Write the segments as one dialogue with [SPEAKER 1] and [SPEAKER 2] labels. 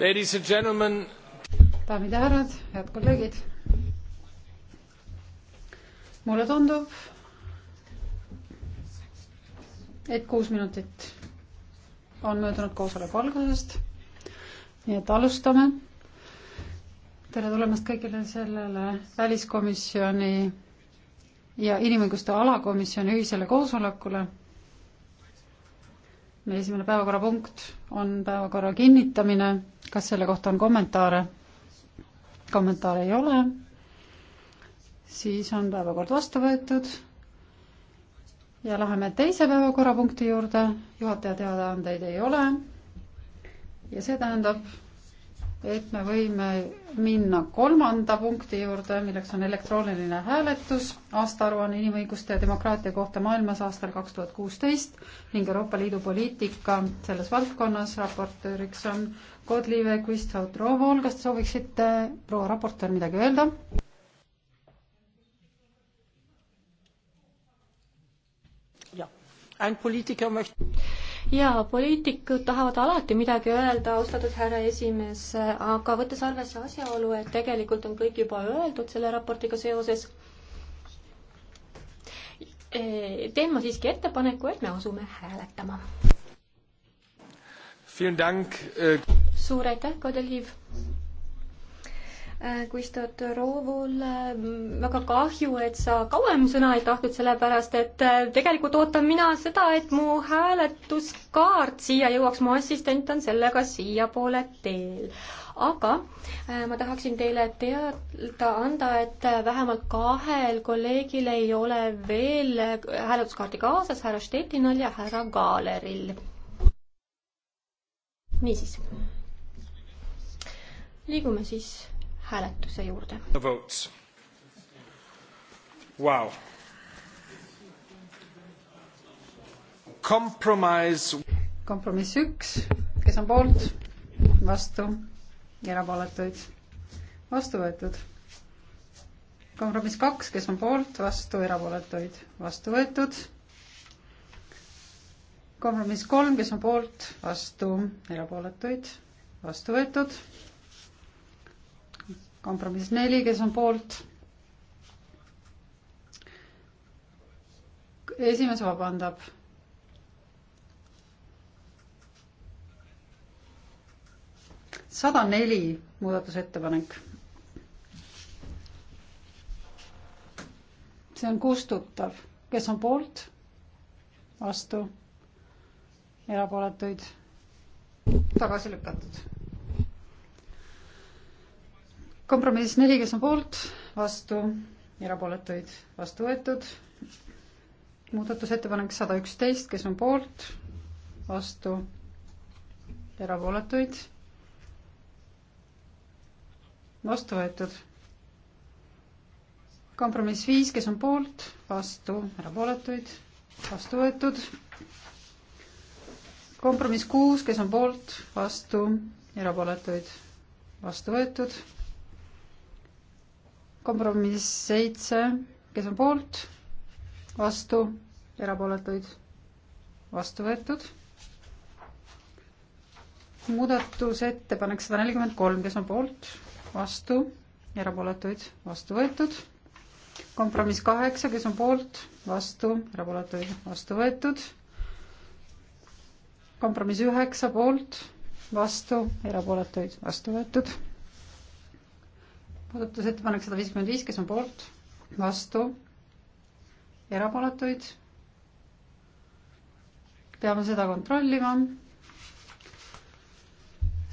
[SPEAKER 1] daamid
[SPEAKER 2] ja härrad, head kolleegid. mulle tundub, et kuus minutit on möödunud koosoleku algusest. nii et alustame. tere tulemast kõigile sellele väliskomisjoni ja inimõiguste alakomisjoni ühisele koosolekule. meie esimene päevakorrapunkt on päevakorra kinnitamine kas selle kohta on kommentaare? kommentaare ei ole. siis on päevakord vastu võetud. ja läheme teise päevakorrapunkti juurde. juhataja teadaandeid ei ole. ja see tähendab et me võime minna kolmanda punkti juurde, milleks on elektrooniline hääletus, aastaaruanne inimõiguste ja demokraatia kohta maailmas aastal kaks tuhat kuusteist ning Euroopa Liidu poliitika selles valdkonnas. raportööriks on Kodlive Kvisthaud-Rovool, kas te sooviksite, proua raportöör, midagi öelda? jah, ainult poliitika mõist-
[SPEAKER 1] jaa, poliitikud tahavad alati midagi öelda, austatud härra esimees, aga võttes arvesse asjaolu, et tegelikult on kõik juba öeldud selle raportiga seoses, e, teen ma siiski ettepaneku, et me asume hääletama. Äh suur aitäh, Kodeliiv Äh, Kustot Roovul, äh, väga kahju, et sa kauem sõna ei tahtnud, sellepärast et äh, tegelikult ootan mina seda, et mu hääletuskaart siia jõuaks, mu assistent on sellega siiapoole teel. aga ma tahaksin teile teada anda, et vähemalt kahel kolleegil ei ole veel hääletuskaarti kaasas, härra Stettinal ja härra Kaaleril. niisiis. liigume siis hääletuse juurde. Wow. kompromiss.
[SPEAKER 2] kompromiss üks, kes on poolt, vastu, erapooletuid, vastu võetud. kompromiss kaks, kes on poolt, vastu, erapooletuid, vastu võetud. kompromiss kolm, kes on poolt, vastu, erapooletuid, vastu võetud kompromiss neli, kes on poolt? esimees vabandab. sada neli muudatusettepanek. see on kustutav, kes on poolt? vastu? erapooletuid? tagasi lükatud kompromiss neli, kes on poolt, vastu, erapooletuid vastu võetud. muudatusettepanek sada üksteist, kes on poolt, vastu, erapooletuid vastu võetud. kompromiss viis, kes on poolt, vastu, erapooletuid, vastu võetud. kompromiss kuus, kes on poolt, vastu, erapooletuid, vastu võetud kompromiss seitse, kes on poolt, vastu, erapooletuid, vastu võetud. muudatusettepanek sada nelikümmend kolm, kes on poolt, vastu, erapooletuid, vastu võetud. kompromiss kaheksa, kes on poolt, vastu, erapooletuid, vastu võetud. kompromiss üheksa poolt, vastu, erapooletuid, vastu võetud muudatusettepanek sada viiskümmend viis, kes on poolt, vastu, erapooletuid. peame seda kontrollima.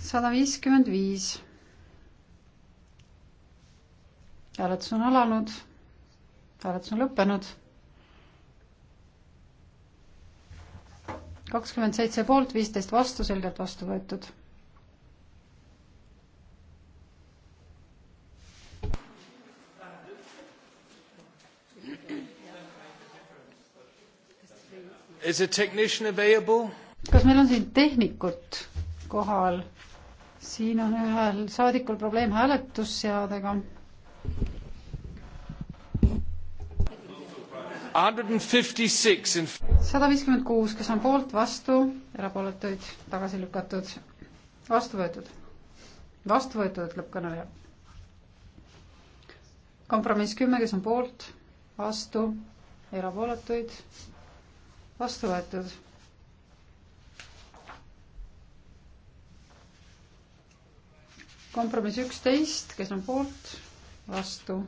[SPEAKER 2] sada viiskümmend viis. hääletus on alanud, hääletus on lõppenud. kakskümmend seitse poolt, viisteist vastu, selgelt vastu võetud
[SPEAKER 1] kas
[SPEAKER 2] meil on siin tehnikut kohal? siin on ühel saadikul probleem hääletusseadega. sada viiskümmend kuus, kes on poolt, vastu, erapooletuid, tagasi lükatud, vastu võetud, vastu võetud, ütleb kõneleja. kompromiss kümme, kes on poolt, vastu, erapooletuid vastu võetud. kompromiss üksteist, kes on poolt, vastu,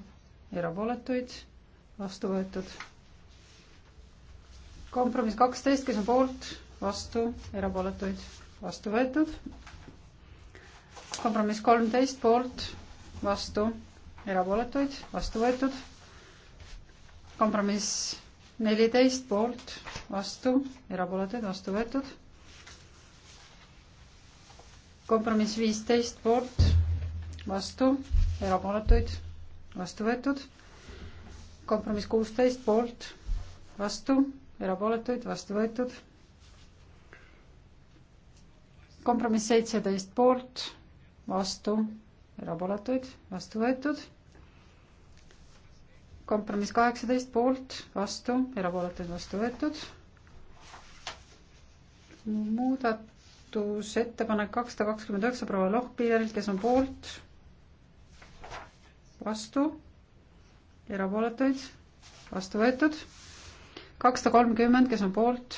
[SPEAKER 2] erapooletuid, vastu võetud. kompromiss kaksteist, kes on poolt, vastu, erapooletuid, vastu võetud. kompromiss kolmteist poolt, vastu, erapooletuid, vastu võetud. kompromiss neliteist poolt, vastu, erapooletud, vastu võetud. kompromiss viisteist poolt, vastu, erapooletuid, vastu võetud. kompromiss kuusteist poolt, vastu, erapooletuid, vastu võetud. kompromiss seitseteist poolt, vastu, erapooletuid, vastu võetud kompromiss kaheksateist poolt, vastu, erapooletuid vastu võetud. muudatusettepanek kakssada kakskümmend üheksa proua Lohpillerilt, kes on poolt, vastu, erapooletuid vastu võetud. kakssada kolmkümmend, kes on poolt,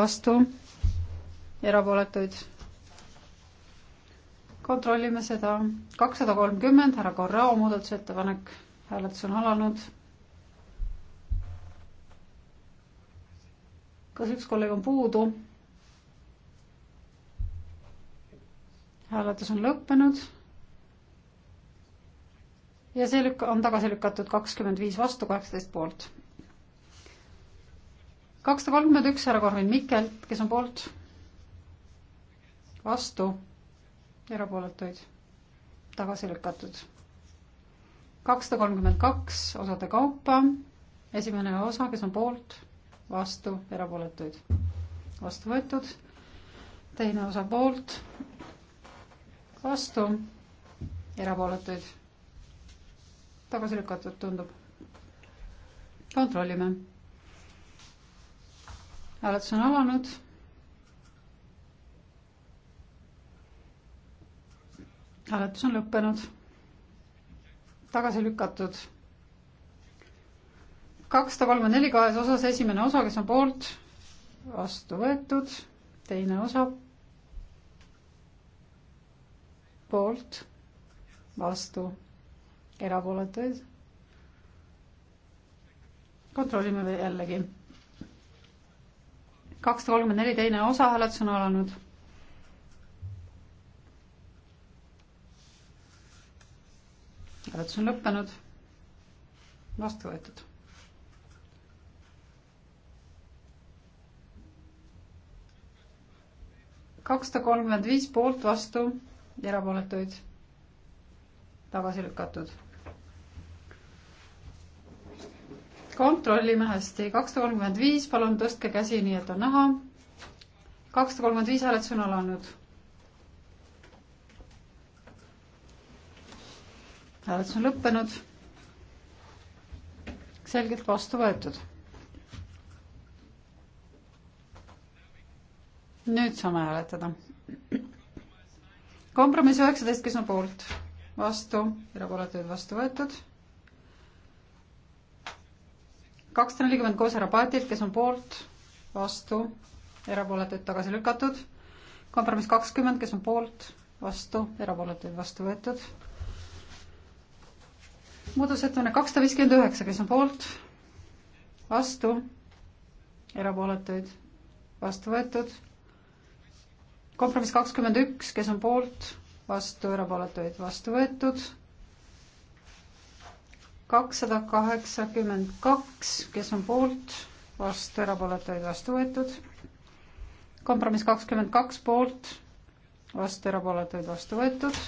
[SPEAKER 2] vastu, erapooletuid kontrollime seda. kakssada kolmkümmend, härra Korrao muudatusettepanek, hääletus on alanud. kas üks kolleeg on puudu? hääletus on lõppenud. ja see lükk-, on tagasi lükatud kakskümmend viis vastu, kaheksateist poolt. kakssada kolmkümmend üks härra Korvin Mikkelt, kes on poolt? vastu erapooletuid tagasi lükatud. kakssada kolmkümmend kaks osade kaupa, esimene osa, kes on poolt, vastu, erapooletuid, vastu võetud, teine osa poolt, vastu, erapooletuid, tagasi lükatud, tundub. kontrollime. hääletus on alanud hääletus on lõppenud. tagasi lükatud. kakssada kolmkümmend neli kahes osas, esimene osa, kes on poolt, vastu võetud, teine osa, poolt, vastu, erapooletuid. kontrollime jällegi kakssada kolmkümmend neli teine osa hääletus on alanud hääletus on lõppenud. vastu võetud. kakssada kolmkümmend viis poolt, vastu, erapooletuid tagasi lükatud. kontrollime hästi, kakssada kolmkümmend viis, palun tõstke käsi, nii et on näha. kakssada kolmkümmend viis hääletus on alanud hääletus on lõppenud. selgelt vastu võetud. nüüd saame hääletada. kompromiss üheksateist, kes on poolt, vastu, erapooletuid vastu võetud kakssada nelikümmend koos härra Paetilt, kes on poolt, vastu, erapooletuid tagasi lükatud. kompromiss kakskümmend, kes on poolt, vastu, erapooletuid vastu võetud muudatusettepanek kakssada viiskümmend üheksa, kes on poolt, vastu, erapooletuid, vastu võetud. kompromiss kakskümmend üks, kes on poolt, vastu, erapooletuid, vastu võetud kakssada kaheksakümmend kaks, kes on poolt, vastu, erapooletuid vastu võetud. kompromiss kakskümmend kaks poolt, vastu, erapooletuid vastu võetud.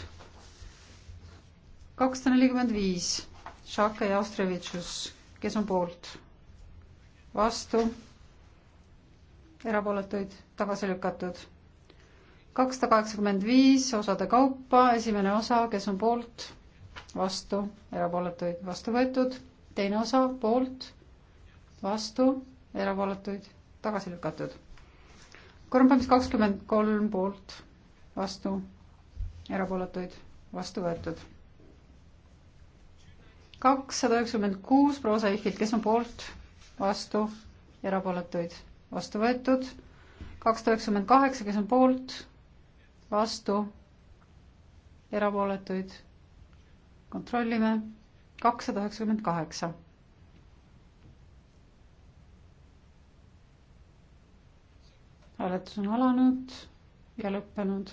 [SPEAKER 2] kakssada nelikümmend viis Šake ja Astrevitšus, kes on poolt? vastu? erapooletuid tagasi lükatud. kakssada kaheksakümmend viis osade kaupa, esimene osa, kes on poolt? vastu, erapooletuid vastu võetud, teine osa poolt, vastu, erapooletuid tagasi lükatud. korvpallis kakskümmend kolm poolt, vastu, erapooletuid vastu võetud kakssada üheksakümmend kuus proosaihilt, kes on poolt, vastu, erapooletuid, vastu võetud. kakssada üheksakümmend kaheksa, kes on poolt, vastu, erapooletuid, kontrollime, kakssada üheksakümmend kaheksa. hääletus on alanud ja lõppenud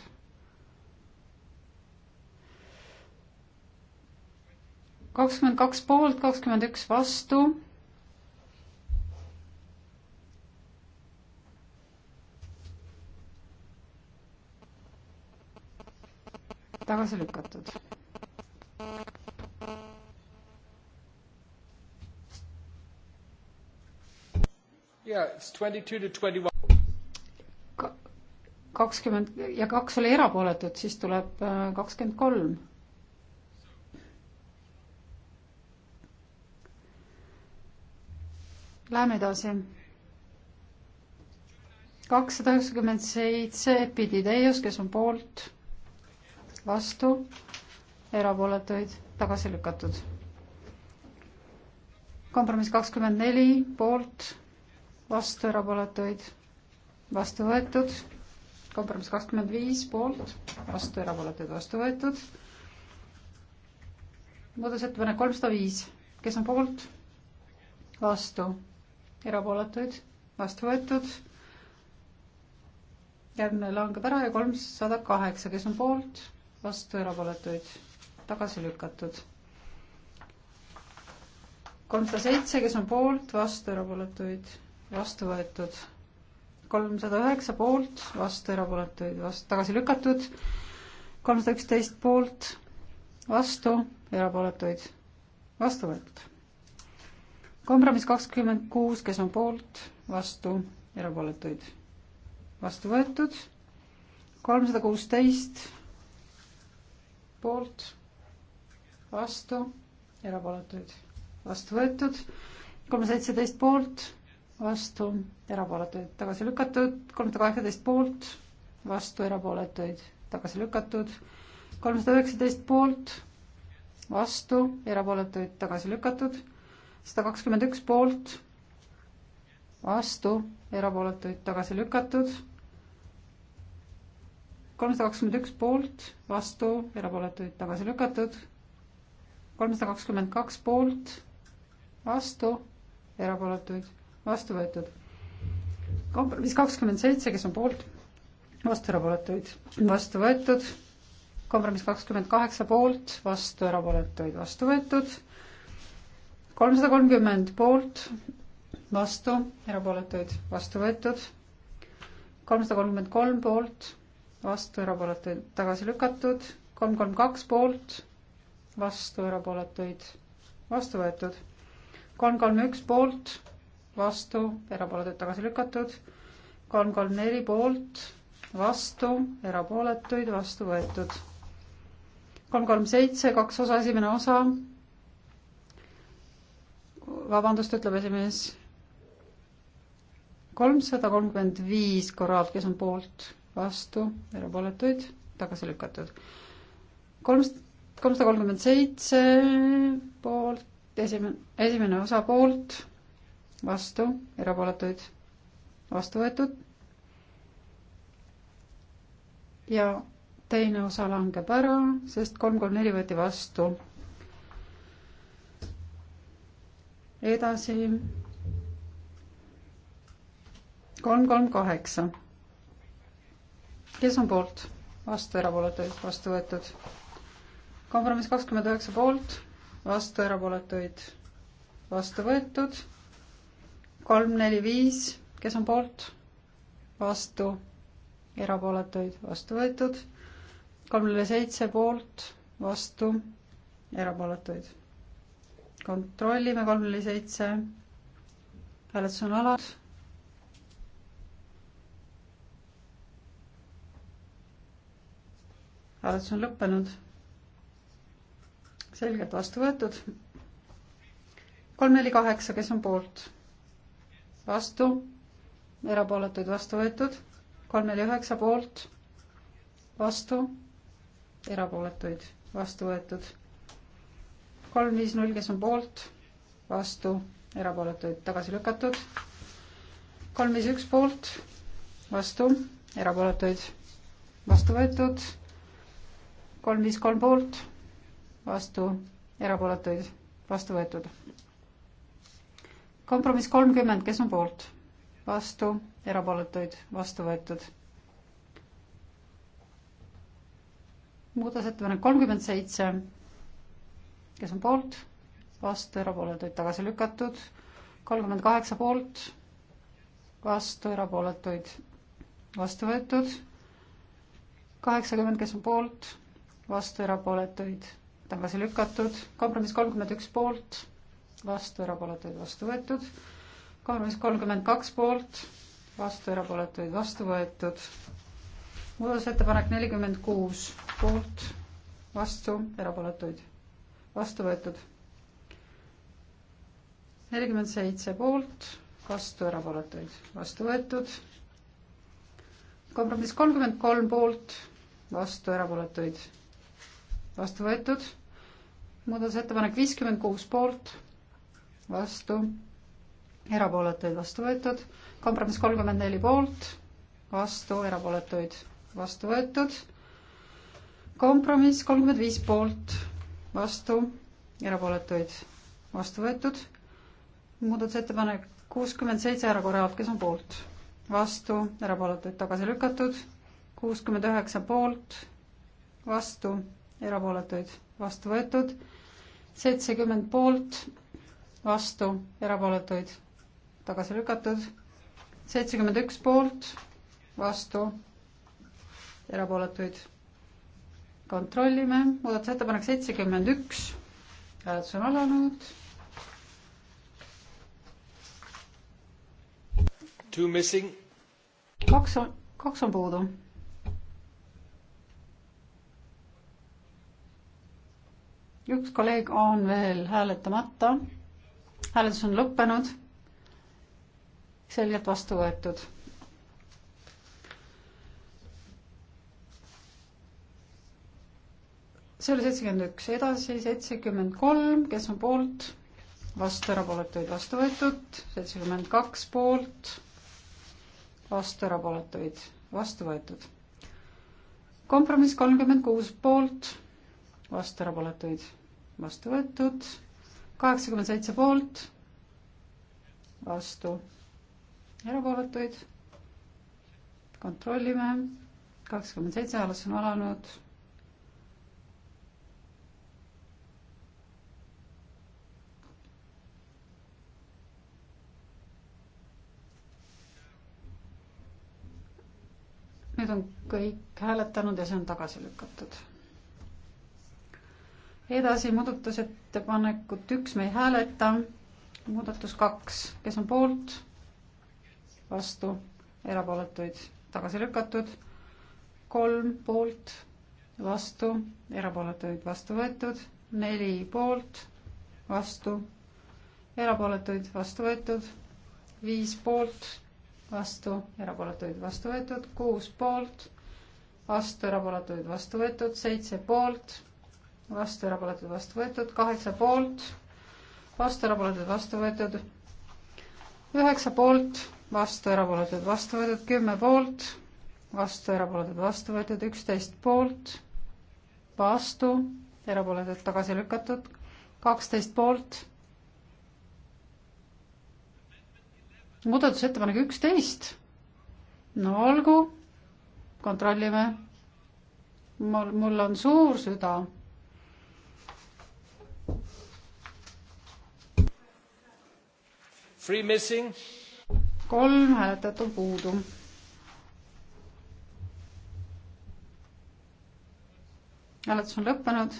[SPEAKER 2] kakskümmend kaks poolt, kakskümmend üks vastu. tagasi lükatud. kakskümmend ja kaks oli erapooletut, siis tuleb äh, kakskümmend kolm Läheme edasi. kakssada üheksakümmend seitse epidideios, kes on poolt, vastu, erapooletuid tagasi lükatud. kompromiss kakskümmend neli, poolt, vastu, erapooletuid vastu võetud. kompromiss kakskümmend viis, poolt, vastu, erapooletuid vastu võetud. muudatusettepanek kolmsada viis, kes on poolt? vastu, erapooletuid, vastu võetud. järgmine langeb ära ja kolmsada kaheksa, kes on poolt, vastu erapooletuid, tagasi lükatud. kolmsada seitse, kes on poolt, vastu erapooletuid, vastu võetud. kolmsada üheksa poolt, vastu erapooletuid, vastu tagasi lükatud. kolmsada üksteist poolt, vastu erapooletuid, vastu võetud kompromiss kakskümmend kuus, kes on poolt, vastu, erapooletuid vastu võetud. kolmsada kuusteist poolt, vastu, erapooletuid vastu võetud. kolmsada seitseteist poolt, vastu, erapooletuid tagasi lükatud. kolmsada kaheksateist poolt, vastu, erapooletuid tagasi lükatud. kolmsada üheksateist poolt, vastu, erapooletuid tagasi lükatud sada kakskümmend üks poolt, vastu, erapooletuid tagasi lükatud. kolmsada kakskümmend üks poolt, vastu, erapooletuid tagasi lükatud. kolmsada kakskümmend kaks poolt, vastu, erapooletuid vastu võetud. kompromiss kakskümmend seitse, kes on poolt, vastu, erapooletuid vastu võetud kompromiss kakskümmend kaheksa poolt, vastu erapooletuid, vastu võetud kolmsada kolmkümmend poolt, vastu, erapooletuid vastu võetud. kolmsada kolmkümmend kolm poolt, vastu, erapooletuid tagasi lükatud. kolm, kolm, kaks poolt, vastu, erapooletuid vastu võetud. kolm, kolm, üks poolt, vastu, erapooletuid tagasi lükatud. kolm, kolm, neli poolt, vastu, erapooletuid vastu võetud. kolm, kolm, seitse, kaks osa, esimene osa vabandust, ütleb esimees. kolmsada kolmkümmend viis korral, kes on poolt, vastu, erapooletuid, tagasi lükatud. kolmsada, kolmsada kolmkümmend seitse poolt, esimene, esimene osa poolt, vastu, erapooletuid, vastu võetud. ja teine osa langeb ära, sest kolm, kolm, neli võeti vastu edasi. kolm, kolm, kaheksa. kes on poolt? vastu, erapooletuid, vastu võetud. kompromiss kakskümmend üheksa poolt, vastu, erapooletuid, vastu võetud. kolm, neli, viis, kes on poolt? vastu, erapooletuid, vastu võetud. kolm, neli, seitse poolt, vastu, erapooletuid kontrollime, kolm neli seitse. hääletus on alanud. hääletus on lõppenud. selgelt vastu võetud. kolm, neli, kaheksa, kes on poolt? vastu, erapooletuid vastu võetud, kolm, neli, üheksa poolt, vastu, erapooletuid vastu võetud kolm, viis, null, kes on poolt, vastu, erapooletuid tagasi lükatud. kolm, viis, üks poolt, vastu, erapooletuid vastu võetud. kolm, viis, kolm poolt, vastu, erapooletuid vastu võetud. kompromiss kolmkümmend, kes on poolt, vastu, erapooletuid vastu võetud. muudatusettepanek kolmkümmend seitse kes on poolt, vastu, erapooletuid tagasi lükatud, kolmkümmend kaheksa poolt, vastu, erapooletuid vastu võetud, kaheksakümmend, kes on poolt, vastu, erapooletuid tagasi lükatud, kompromiss kolmkümmend üks poolt, vastu, erapooletuid vastu võetud, kompromiss kolmkümmend kaks poolt, vastu, erapooletuid vastu võetud muudatusettepanek nelikümmend kuus poolt, vastu, erapooletuid vastu võetud. nelikümmend seitse poolt, vastu erapooletuid, vastu võetud. kompromiss kolmkümmend kolm poolt, vastu erapooletuid, vastu võetud. muudatusettepanek viiskümmend kuus poolt, vastu, erapooletuid vastu võetud. kompromiss kolmkümmend neli poolt, vastu, erapooletuid vastu võetud. kompromiss kolmkümmend viis poolt vastu, erapooletuid vastu võetud. muudatusettepanek kuuskümmend seitse härra Korjalt, kes on poolt, vastu, erapooletuid tagasi lükatud, kuuskümmend üheksa poolt, vastu, erapooletuid vastu võetud, seitsekümmend poolt, vastu, erapooletuid tagasi lükatud, seitsekümmend üks poolt, vastu, erapooletuid kontrollime, muudatusettepanek seitsekümmend üks, hääletus on alanud. Two missing. kaks on, kaks on puudu. üks kolleeg on veel hääletamata. hääletus on lõppenud. selgelt vastu võetud see oli seitsekümmend üks, edasi seitsekümmend kolm, kes on poolt, vastu, erapooletuid vastu võetud, seitsekümmend kaks poolt, vastu, erapooletuid vastu võetud. kompromiss kolmkümmend kuus poolt, vastu, erapooletuid vastu võetud, kaheksakümmend seitse poolt, vastu, erapooletuid, kontrollime, kakskümmend seitse alles on alanud Need on kõik hääletanud ja see on tagasi lükatud. edasi muudatusettepanekut üks me ei hääleta. muudatus kaks, kes on poolt, vastu, erapooletuid tagasi lükatud. kolm poolt, vastu, erapooletuid vastu võetud. neli poolt, vastu, erapooletuid vastu võetud. viis poolt vastu, erapooletuid vastu võetud, kuus poolt, vastu, erapooletuid vastu võetud, seitse poolt, vastu, erapooletuid vastu võetud, kaheksa poolt, vastu, erapooletuid vastu võetud, üheksa poolt, vastu, erapooletuid vastu võetud, kümme poolt, vastu, erapooletuid vastu võetud, üksteist poolt, vastu, erapooletuid tagasi lükatud, kaksteist poolt muudatusettepanek üksteist. no olgu, kontrollime. mul, mul on suur süda. kolm hääletajat on puudu. hääletus on lõppenud.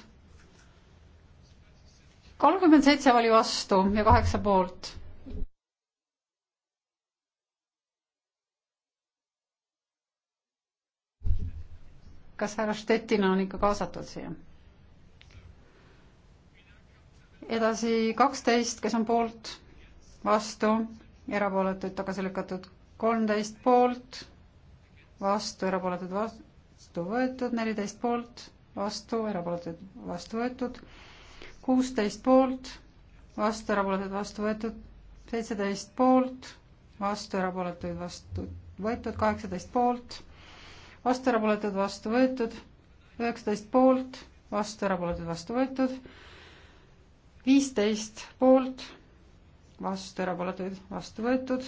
[SPEAKER 2] kolmkümmend seitse oli vastu ja kaheksa poolt kas härra Stettina on ikka kaasatud siia? edasi kaksteist, kes on poolt, vastu, erapooletuid tagasi lükatud kolmteist poolt, vastu, erapooletuid vastu võetud, neliteist poolt, vastu, erapooletuid vastu võetud, kuusteist poolt, vastu, erapooletuid vastu võetud, seitseteist poolt, vastu, erapooletuid vastu võetud, kaheksateist poolt vastu, erapooletud, vastu võetud, üheksateist poolt, vastu, erapooletud, vastu võetud, viisteist poolt, vastu, erapooletuid, vastu võetud,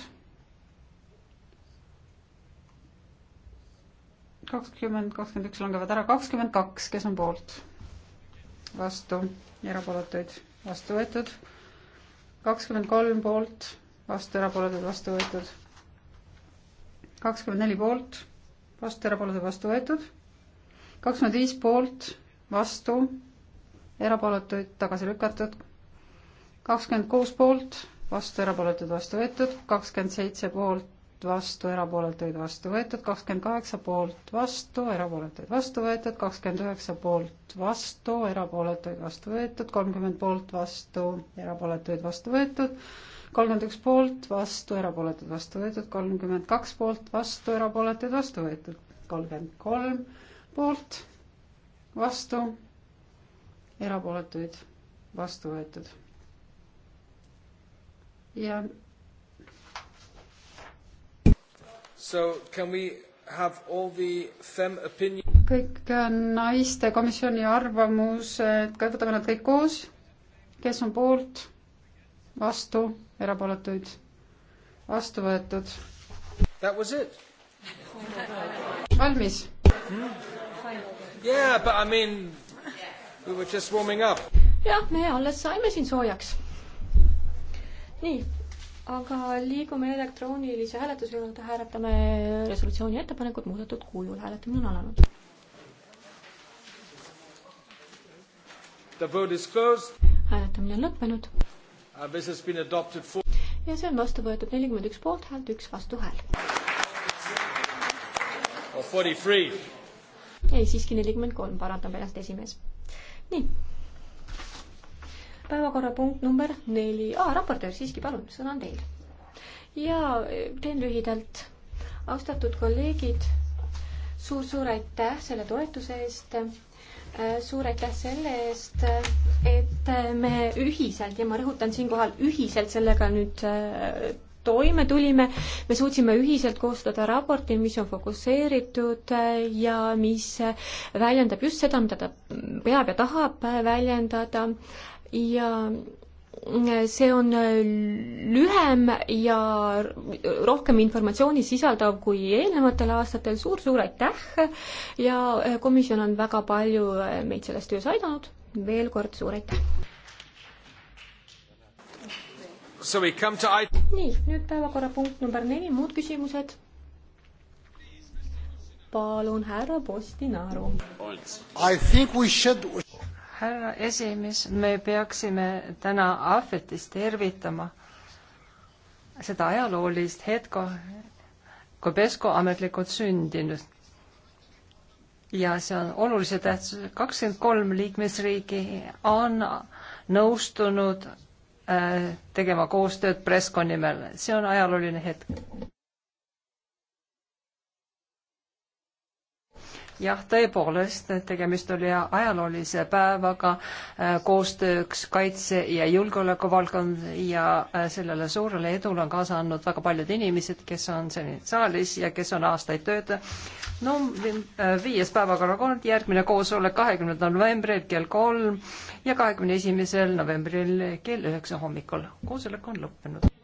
[SPEAKER 2] kakskümmend, kakskümmend üks langevad ära, kakskümmend kaks, kes on poolt? vastu, erapooletuid, vastu võetud, kakskümmend kolm poolt, vastu, erapooletuid, vastu võetud, kakskümmend neli poolt vastu, erapooletud, vastu võetud. kakskümmend viis poolt, vastu, erapooletuid tagasi lükatud. kakskümmend kuus poolt, vastu, erapooletud, vastu võetud. kakskümmend seitse poolt, vastu, erapooletuid vastu võetud, kakskümmend kaheksa poolt vastu, erapooletuid vastu võetud, kakskümmend üheksa poolt vastu, erapooletuid vastu võetud, kolmkümmend poolt vastu, erapooletuid vastu võetud, kolmkümmend üks poolt vastu, erapooletuid vastu võetud, kolmkümmend kaks poolt vastu, erapooletuid vastu võetud, kolmkümmend kolm poolt vastu, erapooletuid vastu võetud.
[SPEAKER 1] ja So can we have all the FEM opinion?
[SPEAKER 2] kõik äh, naiste komisjoni arvamused, võtame nad kõik koos. kes on poolt, vastu, erapooletuid, vastu võetud. That was it.
[SPEAKER 1] valmis hmm?? Yeah, but I mean we were just warming up. jah, me alles saime siin soojaks. nii, aga liigume elektroonilise hääletuse juurde, hääletame resolutsiooni ettepanekut muudetud kujul, hääletamine on alanud. hääletamine on lõppenud. Uh, ja see on vastu võetud nelikümmend üks poolthäält, üks vastuhääl. ei, siiski nelikümmend kolm, parandab ennast esimees. nii päevakorrapunkt number neli ah,. raportöör siiski, palun, sõna on teil. ja eh, teen lühidalt. austatud kolleegid suur,, suur-suur aitäh selle toetuse eest eh, suur aitäh selle eest, et me ühiselt ja ma rõhutan siinkohal ühiselt sellega nüüd eh, toime tulime, me suutsime ühiselt koostada raporti, mis on fokusseeritud ja mis väljendab just seda, mida ta peab ja tahab väljendada äh, ja see on lühem ja rohkem informatsiooni sisaldav kui eelnevatel aastatel suur,, suur-suur aitäh ja komisjon on väga palju meid selles töös aidanud, veel kord suur aitäh! nii, nüüd päevakorrapunkt number neli, muud küsimused? palun, härra Postinaru.
[SPEAKER 2] Should härra esimees, me peaksime täna ahvetis tervitama seda ajaloolist hetko, kui Pesko ametlikult sündinud. ja see on olulise tähtsusega, kakskümmend kolm liikmesriigi on nõustunud äh, tegema koostööd Presko nimel, see on ajalooline hetk. jah, tõepoolest, tegemist oli ajaloolise päevaga äh, koostööks kaitse- ja julgeolekuvaldkond ja äh, sellele suurele edule on kaasa andnud väga paljud inimesed, kes on siin saalis ja kes on aastaid töötanud. no äh, viies päevakorrakord, järgmine koosolek kahekümnendal novembril kell kolm ja kahekümne esimesel novembril kell üheksa hommikul. koosolek on lõppenud.